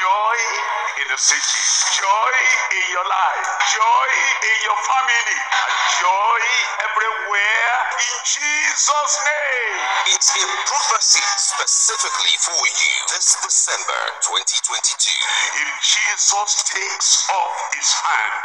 joy in the city, joy in your life, joy in your family, and joy Jesus' name. It's a prophecy specifically for you this December 2022. If Jesus takes off his hand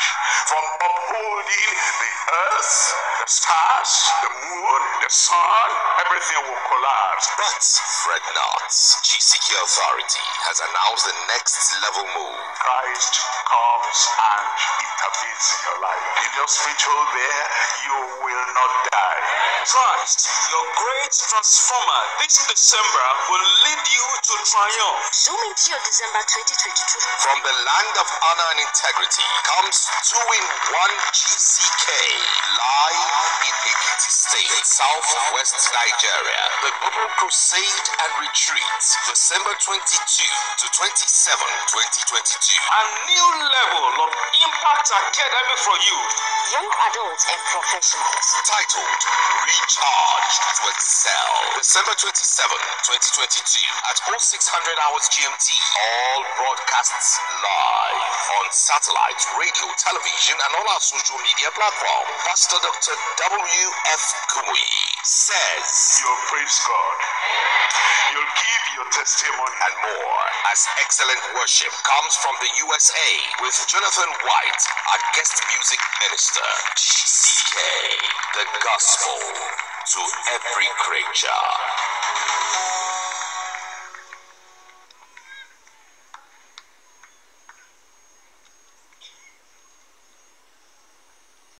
from upholding the earth, the stars, the moon, the sun, everything will collapse. But Fred not. GCK Authority has announced the next level move. Christ comes and intervenes in your life. In your spiritual there, you will not die. Christ, your great transformer this December will lead you to triumph. Zoom into your December 2022. From the land of honor and integrity comes two in one GCK live in southwest Nigeria. The Bubble Crusade and Retreat, December 22 to 27, 2022. A new level of impact academy for you, young adults, and professionals. Titled Recharge to Excel. December 27, 2022 at 0600 hours GMT. All broadcasts live on satellite, radio, television, and all our social media platforms. Pastor Dr. W.F. Kuhn says you'll praise God, you'll give your testimony, and more. As excellent worship comes from the USA with Jonathan White, our guest music minister, GCK, the gospel to every creature.